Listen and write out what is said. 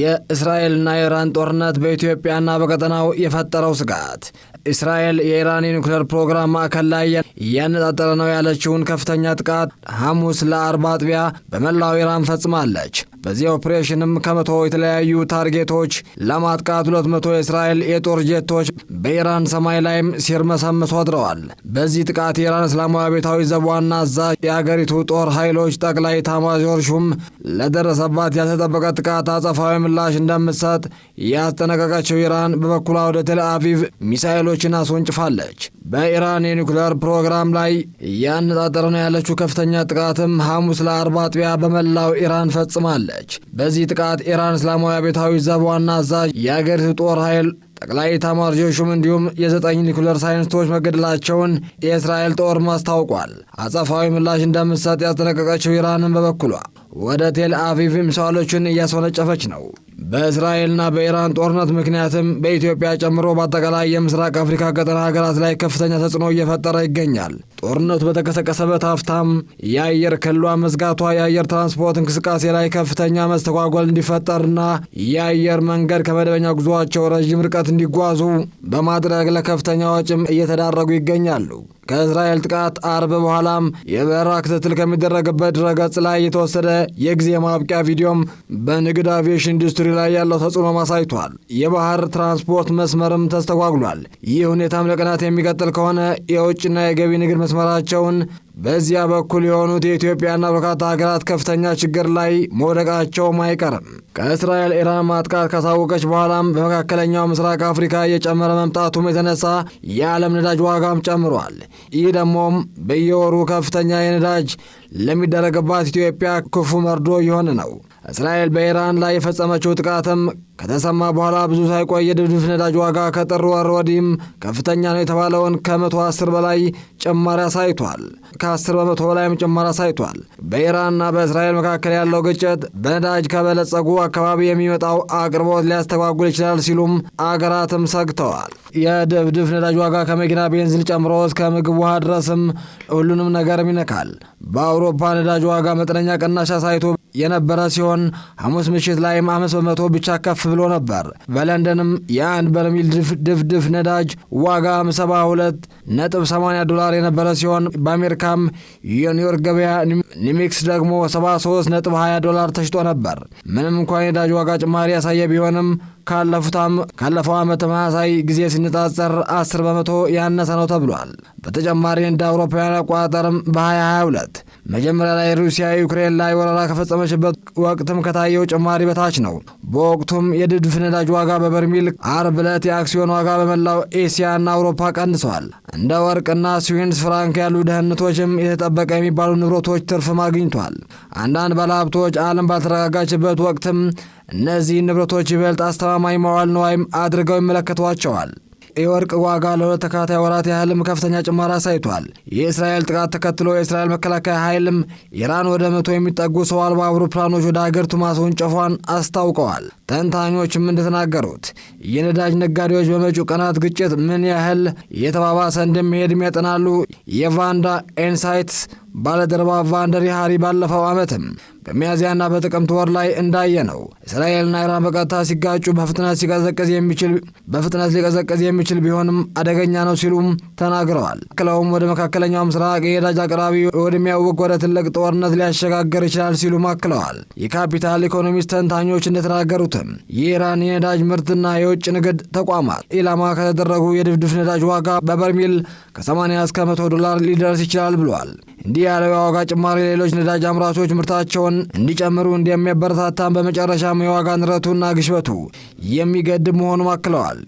የእስራኤልና የኢራን ጦርነት በኢትዮጵያና በቀጠናው የፈጠረው ስጋት እስራኤል የኢራን የኒውክሌር ፕሮግራም ማዕከል ላይ እያነጣጠረ ነው ያለችውን ከፍተኛ ጥቃት ሐሙስ ለአርብ አጥቢያ በመላው ኢራን ፈጽማለች። በዚህ ኦፕሬሽንም ከመቶ የተለያዩ ታርጌቶች ለማጥቃት 200 የእስራኤል የጦር ጄቶች በኢራን ሰማይ ላይም ሲርመሰምሱ አድረዋል። በዚህ ጥቃት የኢራን እስላማዊ ቤታዊ ዘብ ዋና አዛዥ የአገሪቱ ጦር ኃይሎች ጠቅላይ ኤታማዦር ሹም ለደረሰባት ያልተጠበቀ ጥቃት አጸፋዊ ምላሽ እንደምትሰጥ ያስጠነቀቀችው ኢራን በበኩሏ ወደ ቴል አቪቭ ሚሳኤሎችን አስወንጭፋለች። በኢራን የኒውክሌር ፕሮግራም ላይ እያነጣጠረ ነው ያለችው ከፍተኛ ጥቃትም ሐሙስ ለአርብ አጥቢያ በመላው ኢራን ፈጽማለች። በዚህ ጥቃት ኢራን እስላማዊ አብዮታዊ ዘብ ዋና አዛዥ፣ የአገሪቱ ጦር ኃይል ጠቅላይ ኤታማዦር ሹም እንዲሁም የዘጠኝ ኒውክሌር ሳይንስቶች መገደላቸውን የእስራኤል ጦር አስታውቋል። አጸፋዊ ምላሽ እንደምትሰጥ ያስጠነቀቀችው ኢራንን በበኩሏ ወደ ቴል አቪቭ ሚሳይሎችን እያስወነጨፈች ነው። በእስራኤልና በኢራን ጦርነት ምክንያትም በኢትዮጵያ ጨምሮ በአጠቃላይ የምስራቅ አፍሪካ ቀጠና ሀገራት ላይ ከፍተኛ ተጽዕኖ እየፈጠረ ይገኛል። ጦርነቱ በተቀሰቀሰበት ሀፍታም የአየር ክልሏ መዝጋቷ የአየር ትራንስፖርት እንቅስቃሴ ላይ ከፍተኛ መስተጓጎል እንዲፈጠርና የአየር መንገድ ከመደበኛ ጉዞአቸው ረዥም ርቀት እንዲጓዙ በማድረግ ለከፍተኛ ወጪም እየተዳረጉ ይገኛሉ። ከእስራኤል ጥቃት አርብ በኋላም የበረራ ክትትል ከሚደረግበት ድረገጽ ላይ የተወሰደ የጊዜ ማብቂያ ቪዲዮም በንግድ አቪዬሽን ኢንዱስትሪ ላይ ያለው ተጽዕኖ አሳይቷል። የባህር ትራንስፖርት መስመርም ተስተጓጉሏል። ይህ ሁኔታም ለቀናት የሚቀጥል ከሆነ የውጭና የገቢ ንግድ መስመራቸውን በዚያ በኩል የሆኑት የኢትዮጵያና በርካታ ሀገራት ከፍተኛ ችግር ላይ መውደቃቸውም አይቀርም። ከእስራኤል ኢራን ማጥቃት ካሳወቀች በኋላም በመካከለኛው ምስራቅ አፍሪካ እየጨመረ መምጣቱም የተነሳ የዓለም ነዳጅ ዋጋም ጨምሯል። ይህ ደግሞም በየወሩ ከፍተኛ የነዳጅ ለሚደረግባት ኢትዮጵያ ክፉ መርዶ የሆነ ነው። እስራኤል በኢራን ላይ የፈጸመችው ጥቃትም ከተሰማ በኋላ ብዙ ሳይቆይ የድፍድፍ ነዳጅ ዋጋ ከጥር ወር ወዲህም ከፍተኛ ነው የተባለውን ከ110 በላይ ጭማሪ አሳይቷል። ከ10 በመቶ በላይም ጭማሪ አሳይቷል። በኢራንና በእስራኤል መካከል ያለው ግጭት በነዳጅ ከበለጸጉ አካባቢ የሚመጣው አቅርቦት ሊያስተጓጉል ይችላል ሲሉም አገራትም ሰግተዋል። የድፍድፍ ነዳጅ ዋጋ ከመኪና ቤንዚን ጨምሮ እስከ ምግብ ውሃ ድረስም ሁሉንም ነገርም ይነካል። በአውሮፓ ነዳጅ ዋጋ መጠነኛ ቅናሽ አሳይቶ የነበረ ሲሆን ሐሙስ ምሽት ላይም አምስት በመቶ ብቻ ከፍ ብሎ ነበር። በለንደንም የአንድ በርሚል ድፍድፍ ነዳጅ ዋጋ 72 ነጥብ 80 ዶላር የነበረ ሲሆን በአሜሪካም የኒውዮርክ ገበያ ኒሚክስ ደግሞ 73 ነጥብ 20 ዶላር ተሽጦ ነበር። ምንም እንኳን የነዳጅ ዋጋ ጭማሪ ያሳየ ቢሆንም ካለፈው ዓመት ተመሳሳይ ጊዜ ሲነጻጸር 10 በመቶ ያነሰ ነው ተብሏል። በተጨማሪ እንደ አውሮፓውያን አቆጣጠርም በ2022 መጀመሪያ ላይ ሩሲያ ዩክሬን ላይ ወረራ ከፈጸመችበት ወቅትም ከታየው ጭማሪ በታች ነው። በወቅቱም የድድፍ ነዳጅ ዋጋ በበርሚል አርብ ዕለት የአክሲዮን ዋጋ በመላው ኤስያና አውሮፓ ቀንሰዋል። እንደ ወርቅና ስዊንስ ፍራንክ ያሉ ደህንነቶችም የተጠበቀ የሚባሉ ንብረቶች ትርፍም አግኝቷል። አንዳንድ ባለሀብቶች ዓለም ባልተረጋጋችበት ወቅትም እነዚህ ንብረቶች ይበልጥ አስተማማኝ መዋል ነዋይም አድርገው ይመለከቷቸዋል። የወርቅ ዋጋ ለሁለት ተከታታይ ወራት ያህልም ከፍተኛ ጭማሪ አሳይቷል። የእስራኤል ጥቃት ተከትሎ የእስራኤል መከላከያ ኃይልም ኢራን ወደ መቶ የሚጠጉ ሰው አልባ አውሮፕላኖች ወደ ሀገሪቱ ማስወንጨፏን አስታውቀዋል። ተንታኞችም እንደተናገሩት የነዳጅ ነጋዴዎች በመጪው ቀናት ግጭት ምን ያህል የተባባሰ እንደሚሄድም ያጠናሉ። የቫንዳ ኤንሳይትስ ባለደረባ ቫንደሪ ሃሪ ባለፈው ዓመትም በሚያዝያና በጥቅምት ወር ላይ እንዳየ ነው። እስራኤልና ኢራን በቀጥታ ሲጋጩ በፍጥነት ሲቀዘቅዝ የሚችል በፍጥነት ሊቀዘቅዝ የሚችል ቢሆንም አደገኛ ነው ሲሉም ተናግረዋል። አክለውም ወደ መካከለኛው ምስራቅ የነዳጅ አቅራቢ ወደሚያውቅ ወደ ትልቅ ጦርነት ሊያሸጋግር ይችላል ሲሉም አክለዋል። የካፒታል ኢኮኖሚስት ተንታኞች እንደተናገሩትም የኢራን የነዳጅ ምርትና የውጭ ንግድ ተቋማት ኢላማ ከተደረጉ የድፍድፍ ነዳጅ ዋጋ በበርሜል ከ80 እስከ 100 ዶላር ሊደርስ ይችላል ብሏል። እንዲህ ያለው የዋጋ ጭማሪ ሌሎች ነዳጅ አምራቾች ምርታቸውን እንዲጨምሩ እንደሚያበረታታም በመጨረሻም የዋጋ ንረቱና ግሽበቱ የሚገድብ መሆኑ አክለዋል።